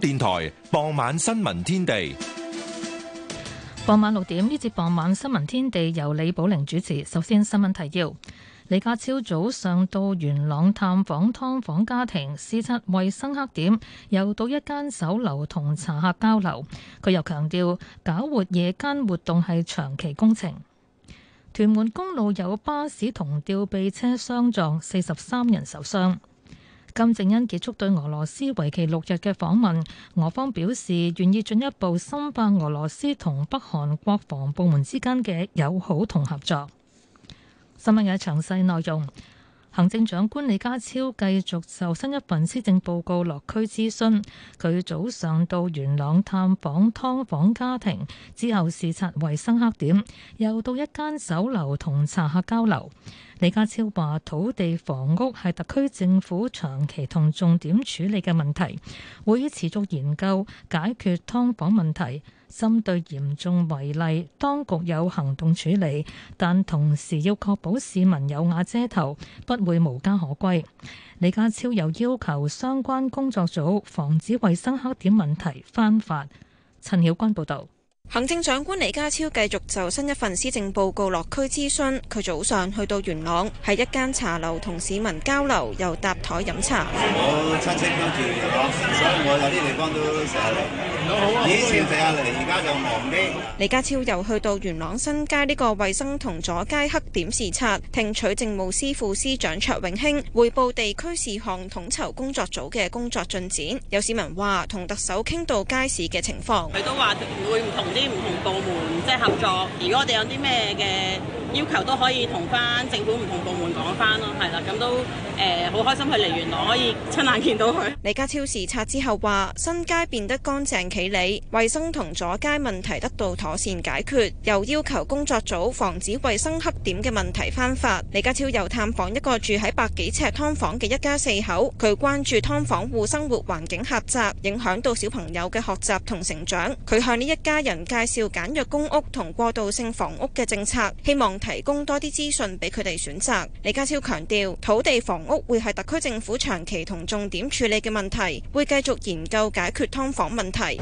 電台傍晚新聞天地，傍晚六點呢節傍晚新聞天地由李寶玲主持。首先新聞提要：李家超早上到元朗探訪㓥房家庭，視察衛生黑點，又到一間酒樓同茶客交流。佢又強調，搞活夜間活動係長期工程。屯門公路有巴士同吊臂車相撞，四十三人受傷。金正恩結束對俄羅斯為期六日嘅訪問，俄方表示願意進一步深化俄羅斯同北韓國防部門之間嘅友好同合作。新聞有詳細內容。行政長官李家超繼續就新一份施政報告落區諮詢，佢早上到元朗探訪劏房家庭，之後視察衞生黑點，又到一間酒樓同茶客交流。李家超話：土地房屋係特區政府長期同重點處理嘅問題，會持續研究解決劏房問題。針對嚴重違例，當局有行動處理，但同時要確保市民有瓦遮頭，不會無家可歸。李家超又要求相關工作組防止衞生黑點問題翻發。陳曉君報導，行政長官李家超繼續就新一份施政報告落區諮詢，佢早上去到元朗，喺一間茶樓同市民交流，又搭台飲茶。我親戚有啲地以前食下嚟，而家就忙啲。李家超又去到元朗新街呢個衛生同阻街黑點視察，聽取政務司副司長卓永興匯報地區事項統籌工作組嘅工作進展。有市民話同特首傾到街市嘅情況，佢都話會唔同啲唔同部門即係合作。如果我哋有啲咩嘅要求，都可以同翻政府唔同部門講翻咯。係啦，咁都誒好、呃、開心佢嚟元朗，可以親眼見到佢。李家超視察之後話，新街變得乾淨。企理衛生同阻街問題得到妥善解決，又要求工作組防止衛生黑點嘅問題翻發。李家超又探訪一個住喺百幾尺劏房嘅一家四口，佢關注劏房戶生活環境狹窄，影響到小朋友嘅學習同成長。佢向呢一家人介紹簡約公屋同過渡性房屋嘅政策，希望提供多啲資訊俾佢哋選擇。李家超強調，土地房屋會係特區政府長期同重點處理嘅問題，會繼續研究解決劏房問題。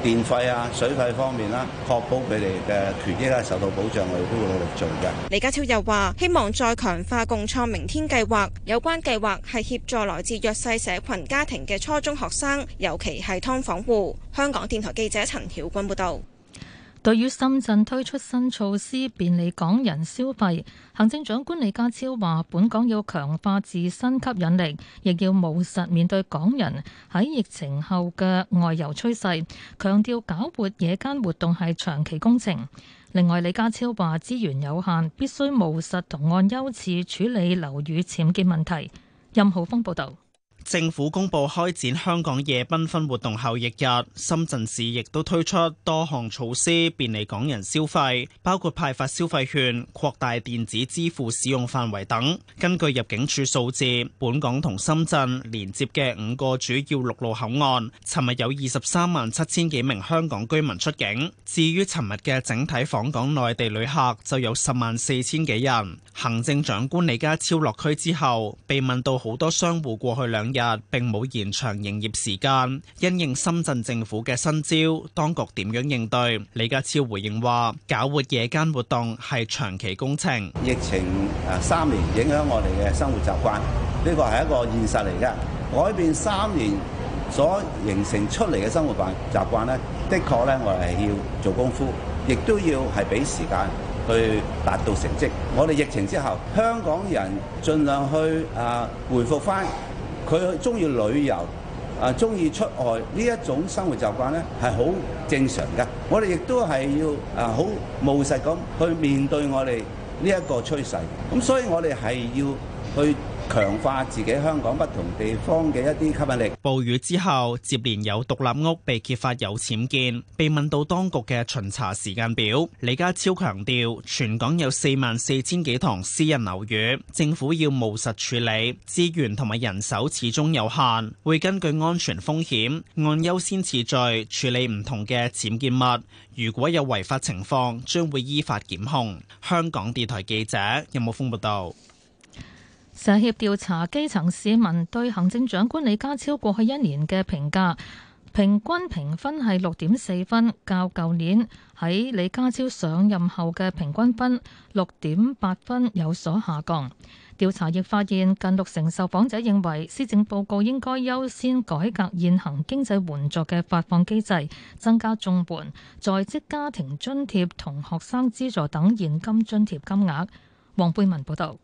電費啊、水費方面啦、啊，確保佢哋嘅權益係、啊、受到保障，我哋都會努力做嘅。李家超又話：希望再強化共創明天計劃，有關計劃係協助來自弱勢社群家庭嘅初中學生，尤其係劏房戶。香港電台記者陳曉君報道。對於深圳推出新措施便利港人消費，行政長官李家超話：本港要強化自身吸引力，亦要務實面對港人喺疫情後嘅外遊趨勢，強調搞活夜間活動係長期工程。另外，李家超話資源有限，必須務實同按優次處理樓宇僭建問題。任浩峰報導。政府公布開展香港夜繽紛活動後翌日，深圳市亦都推出多項措施便利港人消費，包括派發消費券、擴大電子支付使用範圍等。根據入境處數字，本港同深圳連接嘅五個主要陸路口岸，尋日有二十三萬七千幾名香港居民出境。至於尋日嘅整體訪港內地旅客，就有十萬四千幾人。行政長官李家超落區之後，被問到好多商戶過去兩。今日並冇延長營業時間，因應深圳政府嘅新招，當局點樣應對？李家超回應話：搞活夜間活動係長期工程。疫情誒三年影響我哋嘅生活習慣，呢個係一個現實嚟嘅改變。三年所形成出嚟嘅生活習慣咧，的確咧，我哋係要做功夫，亦都要係俾時間去達到成績。我哋疫情之後，香港人盡量去誒回復翻。佢中意旅遊，啊，中意出外呢一種生活習慣咧，係好正常嘅。我哋亦都係要啊，好務實咁去面對我哋呢一個趨勢。咁所以我哋係要去。強化自己香港不同地方嘅一啲吸引力。暴雨之後接連有獨立屋被揭發有僭建。被問到當局嘅巡查時間表，李家超強調全港有四萬四千幾幢私人樓宇，政府要務實處理，資源同埋人手始終有限，會根據安全風險按優先次序處理唔同嘅僭建物。如果有違法情況，將會依法檢控。香港電台記者任武峯報道。有社協調查基層市民對行政長官李家超過去一年嘅評價，平均評分係六點四分，較舊年喺李家超上任後嘅平均分六點八分有所下降。調查亦發現，近六成受訪者認為施政報告應該優先改革現行經濟援助嘅發放機制，增加綜援、在職家庭津貼同學生資助等現金津貼金額。黃貝文報道。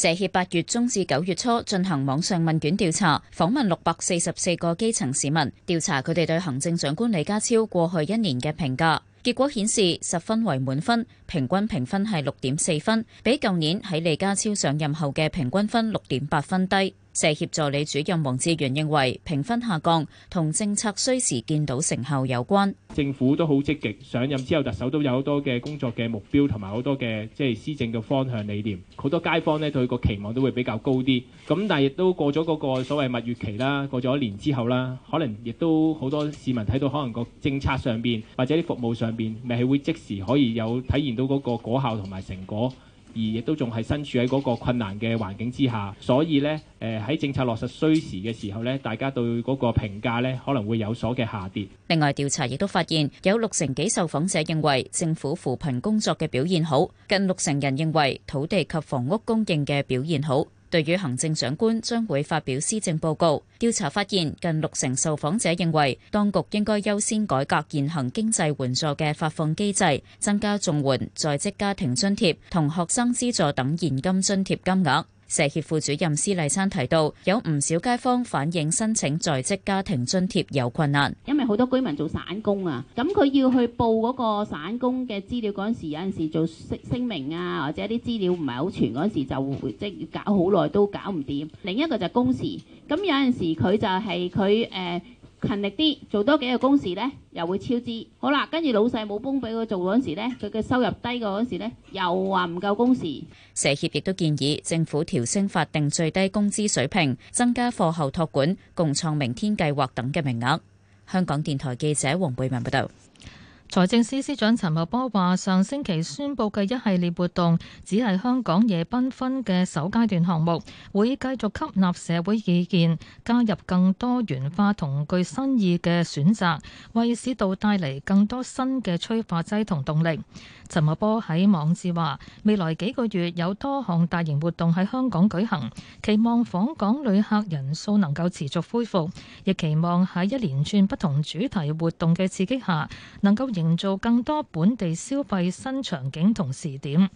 社協八月中至九月初進行網上問卷調查，訪問六百四十四個基層市民，調查佢哋對行政長官李家超過去一年嘅評價。結果顯示十分為滿分，平均評分係六點四分，比舊年喺李家超上任後嘅平均分六點八分低。社協助理主任黃志源認為評分下降同政策需時見到成效有關。政府都好積極，上任之後，特首都有好多嘅工作嘅目標同埋好多嘅即係施政嘅方向理念。好多街坊咧，對個期望都會比較高啲。咁但係亦都過咗嗰個所謂蜜月期啦，過咗一年之後啦，可能亦都好多市民睇到可能個政策上面或者啲服務上面，咪係會即時可以有體現到嗰個果效同埋成果。而亦都仲係身處喺嗰個困難嘅環境之下，所以咧，誒喺政策落實需時嘅時候咧，大家對嗰個評價咧可能會有所嘅下跌。另外調查亦都發現，有六成幾受訪者認為政府扶貧工作嘅表現好，近六成人認為土地及房屋供應嘅表現好。對於行政長官將會發表施政報告，調查發現近六成受訪者認為當局應該優先改革現行經濟援助嘅發放機制，增加綜援、在職家庭津貼同學生資助等現金津貼金額。社協副主任施麗珊提到，有唔少街坊反映申請在職家庭津貼有困難，因為好多居民做散工啊，咁佢要去報嗰個散工嘅資料嗰陣時，有陣時做聲明啊，或者啲資料唔係好全嗰陣時，就會即搞好耐都搞唔掂。另一個就係工時，咁有陣時佢就係佢誒。勤力啲做多幾個工時呢，又會超支。好啦，跟住老細冇工俾佢做嗰時呢，佢嘅收入低嘅嗰時呢，又話唔夠工時。社協亦都建議政府調升法定最低工資水平，增加課後託管、共創明天計劃等嘅名額。香港電台記者黃貝文報道。財政司司長陳茂波話：上星期宣布嘅一系列活動，只係香港夜繽紛嘅首階段項目，會繼續吸納社會意見，加入更多元化同具新意嘅選擇，為市道帶嚟更多新嘅催化劑同動力。陳茂波喺網誌話：未來幾個月有多項大型活動喺香港舉行，期望訪港旅客人數能夠持續恢復，亦期望喺一連串不同主題活動嘅刺激下，能夠營造更多本地消費新場景同時點。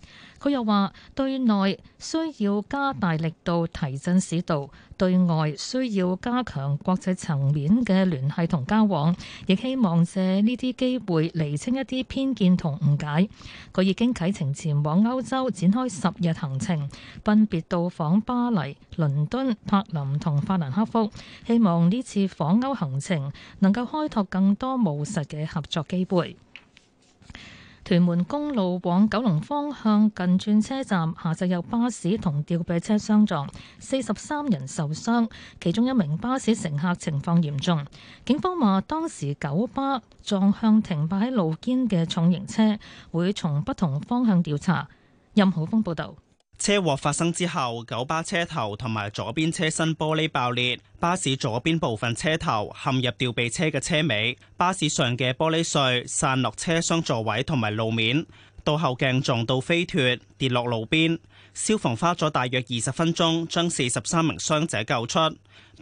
佢又話：對內需要加大力度提振市道，對外需要加強國際層面嘅聯繫同交往，亦希望借呢啲機會釐清一啲偏見同誤解。佢已經啟程前往歐洲，展開十日行程，分別到訪巴黎、倫敦、柏林同法蘭克福，希望呢次訪歐行程能夠開拓更多務實嘅合作機會。屯門公路往九龍方向近轉車站，下晝有巴士同吊臂車相撞，四十三人受傷，其中一名巴士乘客情況嚴重。警方話，當時九巴撞向停泊喺路肩嘅重型車，會從不同方向調查。任浩峯報導。車禍發生之後，九巴車頭同埋左邊車身玻璃爆裂，巴士左邊部分車頭陷入吊臂車嘅車尾，巴士上嘅玻璃碎散落車廂座位同埋路面，倒後鏡撞到飛脫，跌落路邊。消防花咗大約二十分鐘將四十三名傷者救出。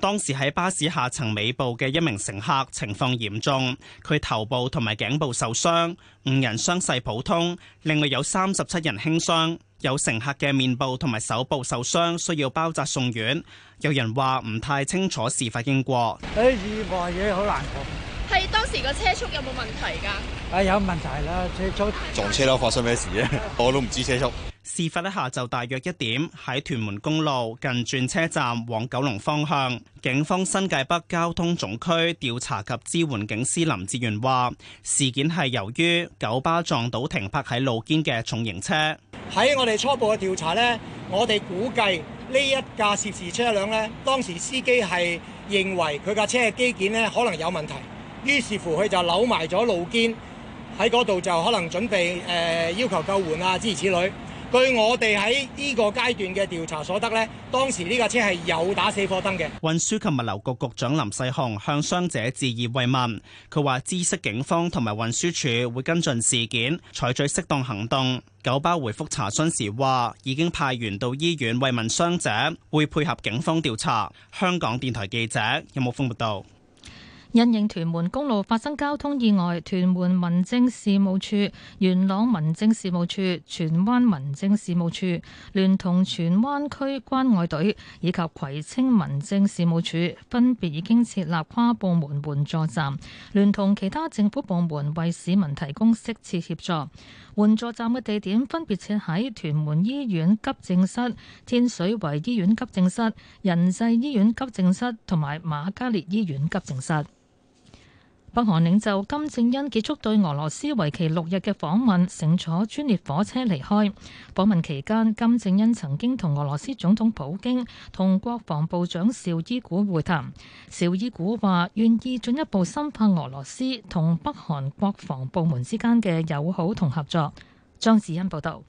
當時喺巴士下層尾部嘅一名乘客情況嚴重，佢頭部同埋頸部受傷，五人傷勢普通，另外有三十七人輕傷，有乘客嘅面部同埋手部受傷需要包紮送院。有人話唔太清楚事發經過，啲意外嘢好難過。係當時個車速有冇問題噶？啊、哎，有問題啦！車速撞車啦，發生咩事咧？我都唔知車速。事發一下晝大約一點，喺屯門公路近轉車站往九龍方向，警方新界北交通總區調查及支援警司林志源話，事件係由於九巴撞到停泊喺路肩嘅重型車。喺我哋初步嘅調查呢，我哋估計呢一架涉事車輛呢，當時司機係認為佢架車嘅機件咧可能有問題。於是乎佢就扭埋咗路肩喺嗰度，就可能準備誒、呃、要求救援啊，諸如此類。據我哋喺呢個階段嘅調查所得呢，當時呢架車係有打死火燈嘅。運輸及物流局局，局長林世雄向傷者致以慰問，佢話：知悉警方同埋運輸處會跟進事件，採取適當行動。九巴回覆查詢時話：已經派員到醫院慰問傷者，會配合警方調查。香港電台記者任木豐報道。有因應屯門公路發生交通意外，屯門民政事務處、元朗民政事務處、荃灣民政事務處聯同荃灣區關愛隊以及葵青民政事務處分別已經設立跨部門援助站，聯同其他政府部門為市民提供適切協助。援助站嘅地點分別設喺屯門醫院急症室、天水圍醫院急症室、仁濟醫院急症室同埋瑪嘉烈醫院急症室。北韓領袖金正恩結束對俄羅斯為期六日嘅訪問，乘坐專列火車離開。訪問期間，金正恩曾經同俄羅斯總統普京同國防部長邵伊古會談。邵伊古話願意進一步深化俄羅斯同北韓國防部門之間嘅友好同合作。張智恩報導。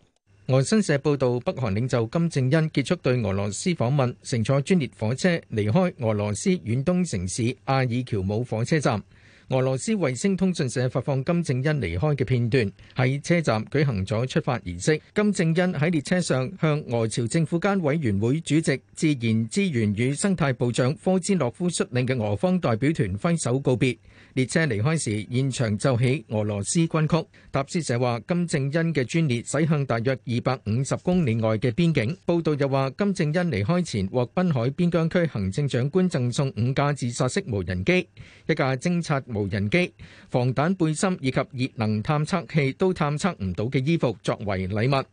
俄新社報導，北韓領袖金正恩結束對俄羅斯訪問，乘坐專列火車離開俄羅斯遠東城市阿爾喬姆火車站。俄羅斯衛星通訊社發放金正恩離開嘅片段，喺車站舉行咗出發儀式。金正恩喺列車上向俄朝政府間委員會主席、自然資源與生態部長科茲洛夫率領嘅俄方代表團揮手告別。列車離開時，現場奏起俄羅斯軍曲。塔斯社話，金正恩嘅專列駛向大約二百五十公里外嘅邊境。報道又話，金正恩離開前，獲濱海邊疆區行政長官贈送五架自殺式無人機、一架偵察無人機、防彈背心以及熱能探測器都探測唔到嘅衣服作為禮物。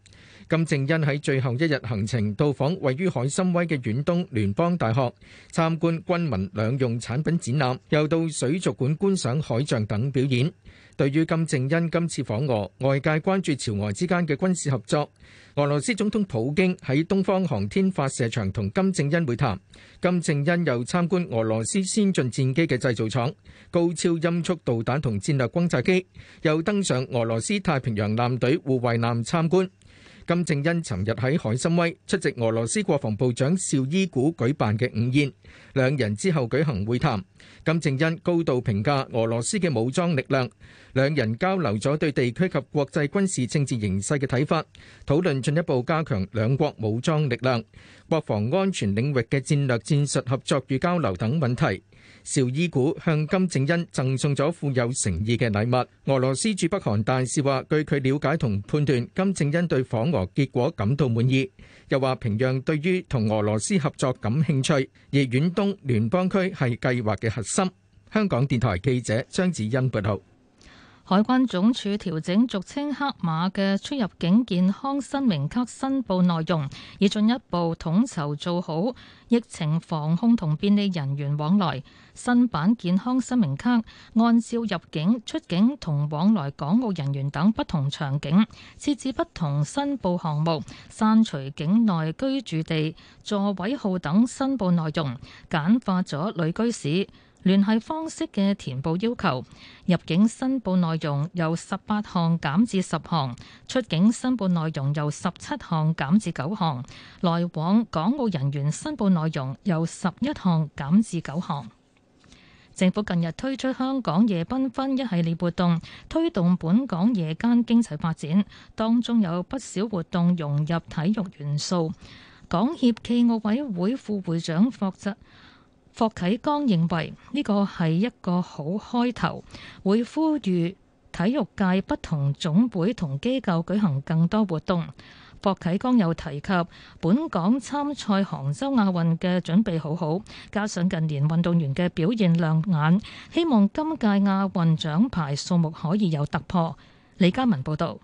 金正恩喺最後一日行程，到訪位於海參崴嘅遠東聯邦大學參觀軍民兩用產品展覽，又到水族館觀賞海象等表演。對於金正恩今次訪俄，外界關注朝俄之間嘅軍事合作。俄羅斯總統普京喺東方航天發射場同金正恩會談。金正恩又參觀俄羅斯先進戰機嘅製造廠、高超音速導彈同戰略轟炸機，又登上俄羅斯太平洋艦隊護衛艦參觀。金正恩尋日喺海參崴出席俄羅斯國防部長紹伊古舉辦嘅午宴，兩人之後舉行會談。金正恩高度評價俄羅斯嘅武裝力量，兩人交流咗對地區及國際軍事政治形勢嘅睇法，討論進一步加強兩國武裝力量、國防安全領域嘅戰略戰術合作與交流等問題。邵伊古向金正恩贈送咗富有誠意嘅禮物。俄羅斯駐北韓大使話：據佢瞭解同判斷，金正恩對訪俄結果感到滿意，又話平壤對於同俄羅斯合作感興趣，而遠東聯邦區係計劃嘅核心。香港電台記者張子欣報道：海關總署調整俗稱黑碼嘅出入境健康申明卡申報內容，以進一步統籌做好疫情防控同便利人員往來。新版健康申明卡按照入境、出境同往來港澳人員等不同場景，設置不同申報項目，刪除境內居住地、座位號等申報內容，簡化咗旅居史。聯繫方式嘅填報要求，入境申報內容由十八項減至十項，出境申報內容由十七項減至九項，來往港澳人員申報內容由十一項減至九項。政府近日推出香港夜繽紛一系列活動，推動本港夜間經濟發展，當中有不少活動融入體育元素。港協暨奧委會副會長霍則。霍啟剛認為呢個係一個好開頭，會呼籲體育界不同總會同機構舉行更多活動。霍啟剛又提及本港參賽杭州亞運嘅準備好好，加上近年運動員嘅表現亮眼，希望今屆亞運獎牌數目可以有突破。李嘉文報導，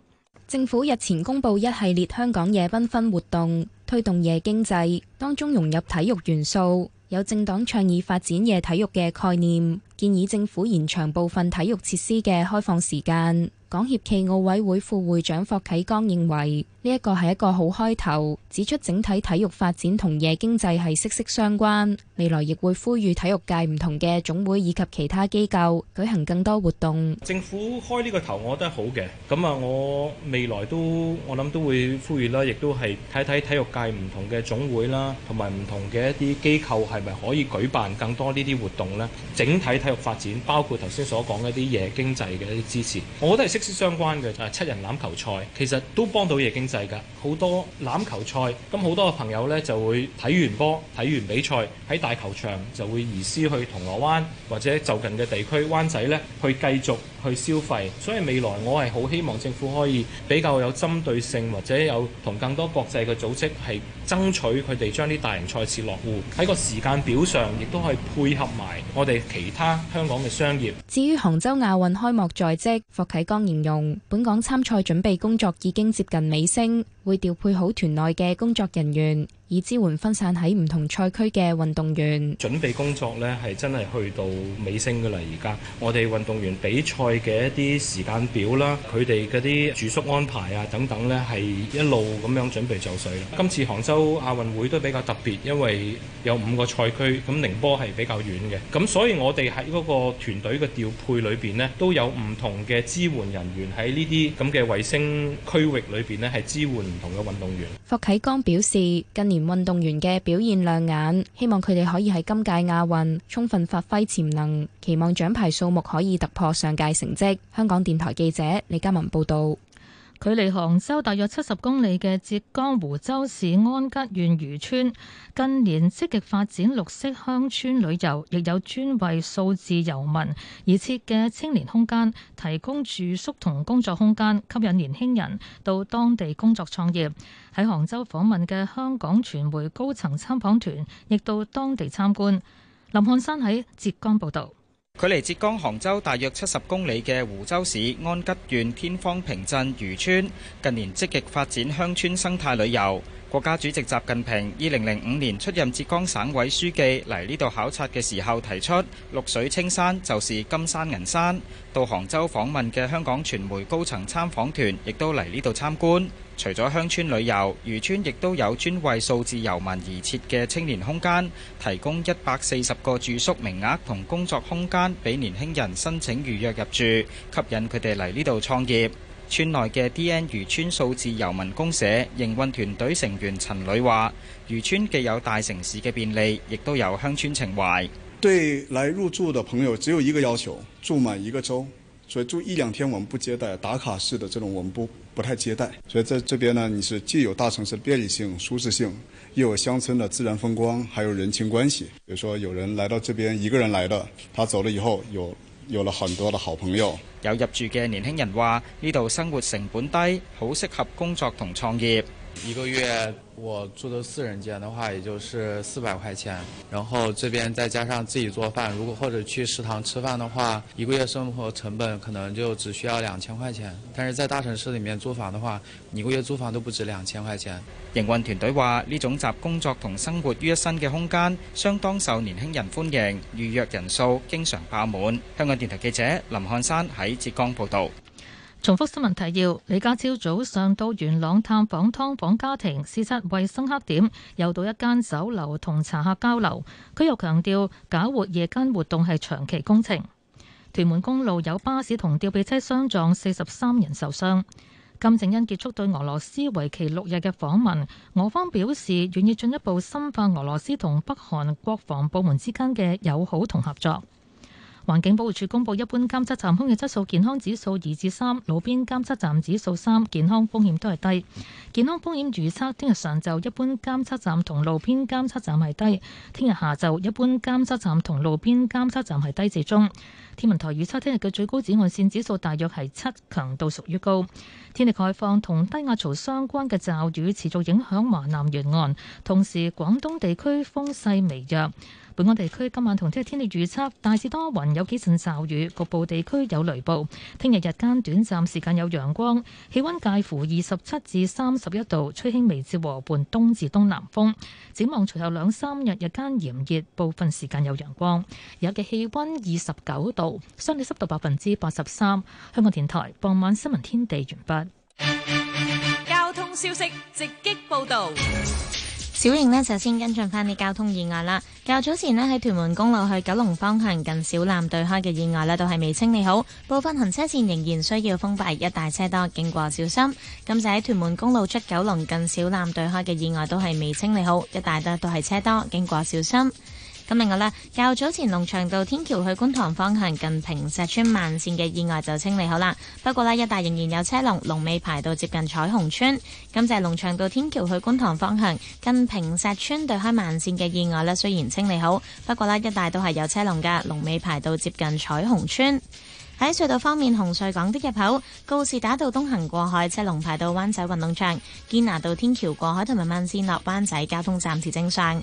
政府日前公布一系列香港夜繽紛活動，推動夜經濟，當中融入體育元素。有政黨倡議發展夜體育嘅概念，建議政府延長部分體育設施嘅開放時間。港協暨奧委會副會長霍啟剛認為呢、這個、一個係一個好開頭，指出整體體育發展同夜經濟係息息相關，未來亦會呼籲體育界唔同嘅總會以及其他機構舉行更多活動。政府開呢個頭，我覺得係好嘅。咁啊，我未來都我諗都會呼籲啦，亦都係睇睇體育界唔同嘅總會啦，同埋唔同嘅一啲機構係咪可以舉辦更多呢啲活動咧？整體體育發展包括頭先所講一啲夜經濟嘅一啲支持，我覺得係適。相關嘅就係，七人欖球賽其實都幫到夜經濟噶，好多欖球賽，咁好多嘅朋友咧就會睇完波，睇完比賽喺大球場就會移師去銅鑼灣或者就近嘅地區灣仔，咧去繼續。去消費，所以未來我係好希望政府可以比較有針對性，或者有同更多國際嘅組織係爭取佢哋將啲大型賽事落戶喺個時間表上，亦都可以配合埋我哋其他香港嘅商業。至於杭州亞運開幕在即，霍啟剛形容本港參賽準備工作已經接近尾聲。會調配好團內嘅工作人員，以支援分散喺唔同賽區嘅運動員。準備工作呢係真係去到尾聲嘅啦，而家我哋運動員比賽嘅一啲時間表啦，佢哋嗰啲住宿安排啊等等呢，係一路咁樣準備就緒。今次杭州亞運會都比較特別，因為有五個賽區，咁寧波係比較遠嘅，咁所以我哋喺嗰個團隊嘅調配裏邊呢，都有唔同嘅支援人員喺呢啲咁嘅衛星區域裏邊呢，係支援。唔同嘅運動員，霍啟剛表示，近年運動員嘅表現亮眼，希望佢哋可以喺今屆亞運充分發揮潛能，期望獎牌數目可以突破上屆成績。香港電台記者李嘉文報道。距離杭州大約七十公里嘅浙江湖州市安吉縣漁村近年積極發展綠色鄉村旅遊，亦有專為數字遊民而設嘅青年空間，提供住宿同工作空間，吸引年輕人到當地工作創業。喺杭州訪問嘅香港傳媒高層參訪團亦到當地參觀。林漢山喺浙江報道。距離浙江杭州大約七十公里嘅湖州市安吉縣天方坪鎮漁村，近年積極發展鄉村生態旅遊。國家主席習近平二零零五年出任浙江省委書記嚟呢度考察嘅時候，提出綠水青山就是金山銀山。到杭州訪問嘅香港傳媒高層參訪團，亦都嚟呢度參觀。除咗鄉村旅遊，漁村亦都有專為數字遊民而設嘅青年空間，提供一百四十個住宿名額同工作空間俾年輕人申請預約入住，吸引佢哋嚟呢度創業。村內嘅 D N 漁村數字遊民公社營運團隊成員陳磊話：漁村既有大城市嘅便利，亦都有鄉村情懷。對嚟入住嘅朋友，只有一個要求，住滿一個周，所以住一兩天我們不接待，打卡式的這種我們不，不太接待，所以在這邊呢，你是既有大城市便利性、舒適性，又有鄉村的自然風光，還有人情關係。比如說，有人來到這邊，一個人來的，他走了以後，有有了很多的好朋友。有入住嘅年輕人話，呢度生活成本低，好適合工作同創業。一個月我住的四人間的話，也就是四百塊錢，然後這邊再加上自己做飯，如果或者去食堂吃飯的話，一個月生活成本可能就只需要兩千塊錢。但是在大城市裏面租房的話，一個月租房都不止兩千塊錢。營運團隊話呢種集工作同生活於一身嘅空間，相當受年輕人歡迎，預約人數經常爆滿。香港電台記者林漢山喺浙江報道。重複新聞提要：李家超早上到元朗探訪劏房家庭，視察衛生黑點，又到一間酒樓同茶客交流。佢又強調，搞活夜間活動係長期工程。屯門公路有巴士同吊臂車相撞，四十三人受傷。金正恩結束對俄羅斯為期六日嘅訪問，俄方表示願意進一步深化俄羅斯同北韓國防部門之間嘅友好同合作。環境保護署公布，一般監測站空氣質素健康指數二至三，路邊監測站指數三，健康風險都係低。健康風險預測，聽日上晝一般監測站同路邊監測站係低，聽日下晝一般監測站同路邊監測站係低至中。天文台預測，聽日嘅最高紫外線指數大約係七，強度屬於高。天氣開放同低壓槽相關嘅驟雨持續影響華南沿岸，同時廣東地區風勢微弱。本港地區今晚同聽日天氣預測，大致多雲，有幾陣驟雨，局部地區有雷暴。聽日日間短暫時間有陽光，氣温介乎二十七至三十一度，吹輕微至和緩東至東南風。展望隨後兩三日日間炎熱，部分時間有陽光，有嘅氣温二十九度，相對濕度百分之八十三。香港電台傍晚新聞天地完畢。交通消息直擊報導。小瑩呢，首先跟進翻啲交通意外啦。較早前呢，喺屯門公路去九龍方向近小欖對開嘅意外呢，都係未清理好，部分行車線仍然需要封閉，一大車多，經過小心。咁就喺屯門公路出九龍近小欖對開嘅意外都係未清理好，一大都都係車多，經過小心。咁另外咧，較早前龍翔道天橋去觀塘方向近平石村慢線嘅意外就清理好啦。不過咧，一帶仍然有車龍，龍尾排到接近彩虹村。今次龍翔道天橋去觀塘方向近平石村對開慢線嘅意外咧，雖然清理好，不過咧，一帶都係有車龍㗎，龍尾排到接近彩虹村。喺隧道方面，紅隧港島入口告士打道東行過海車龍排到灣仔運動場，堅拿道天橋過海同埋慢線落灣仔交通暫時正常。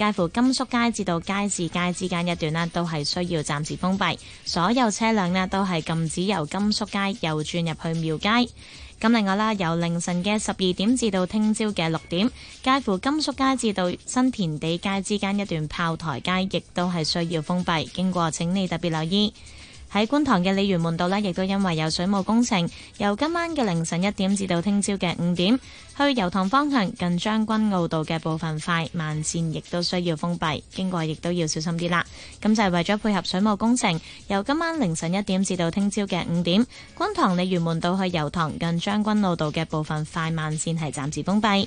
介乎甘肅街至到街市街之間一段啦，都係需要暫時封閉，所有車輛咧都係禁止由甘肅街右轉入去廟街。咁另外啦，由凌晨嘅十二點至到聽朝嘅六點，介乎甘肅街至到新填地街之間一段炮台街，亦都係需要封閉，經過請你特別留意。喺觀塘嘅鯉魚門道呢，亦都因為有水務工程，由今晚嘅凌晨一點至到聽朝嘅五點，去油塘方向近將軍澳道嘅部分快慢綫亦都需要封閉，經過亦都要小心啲啦。咁、嗯、就係、是、為咗配合水務工程，由今晚凌晨一點至到聽朝嘅五點，觀塘鯉魚門道去油塘近將軍澳道嘅部分快慢綫係暫時封閉。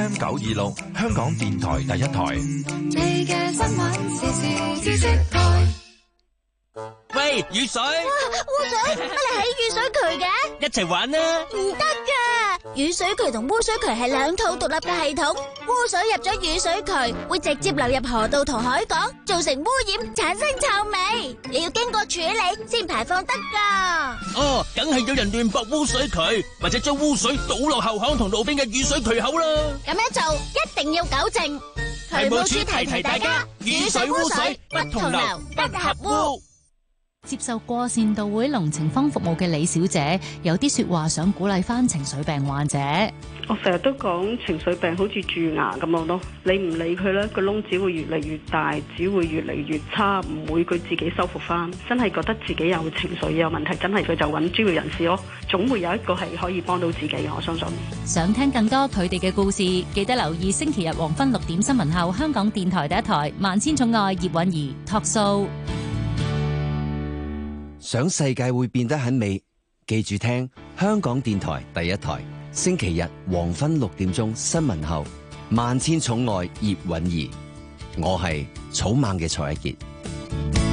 M 九二六香港電台第一台。喂，雨水。哇，污水！你喺雨水渠嘅，一齊玩啊。唔得噶，雨水渠同污水渠係兩套獨立嘅系統。污水入咗雨水渠，會直接流入河道同海港，造成污染，產生臭味。你要經過處理先排放得㗎。哦，梗係有人亂駁污水渠，或者將污水倒落後巷同路邊嘅雨水渠口啦。咁樣做一定要糾正。渠務署提提大家，雨水污水不同流，不合污。接受過善導會龍情方服務嘅李小姐，有啲說話想鼓勵翻情緒病患者。我成日都講情緒病好似蛀牙咁樣咯，你唔理佢咧，個窿只會越嚟越大，只會越嚟越差，唔會佢自己修復翻。真係覺得自己有情緒有問題，真係佢就揾專業人士咯。總會有一個係可以幫到自己我相信。想聽更多佢哋嘅故事，記得留意星期日黃昏六點新聞後，香港電台第一台《萬千寵愛葉韻儀》托數。想世界會變得很美，記住聽香港電台第一台，星期日黃昏六點鐘新聞後，萬千寵愛葉蘊儀，我係草蜢嘅蔡一傑。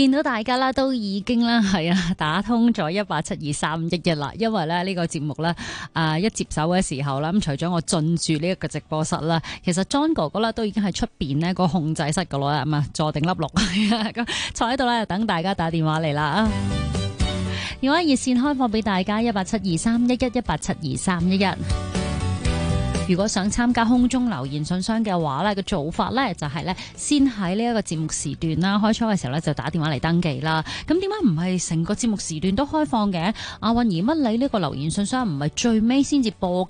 見到大家啦，都已經啦，係啊，打通咗一八七二三一一啦。因為咧呢個節目咧，啊，一接手嘅時候啦，咁除咗我進住呢一個直播室啦，其實 John 哥哥咧都已經喺出邊呢個控制室度啦，咁啊坐定粒六啊。咁 坐喺度咧等大家打電話嚟啦啊！電話熱線開放俾大家一八七二三一一一八七二三一一。如果想參加空中留言信箱嘅話咧，個做法咧就係咧，先喺呢一個節目時段啦，開初嘅時候咧就打電話嚟登記啦。咁點解唔係成個節目時段都開放嘅？阿、啊、韻而乜你呢個留言信箱唔係最尾先至播？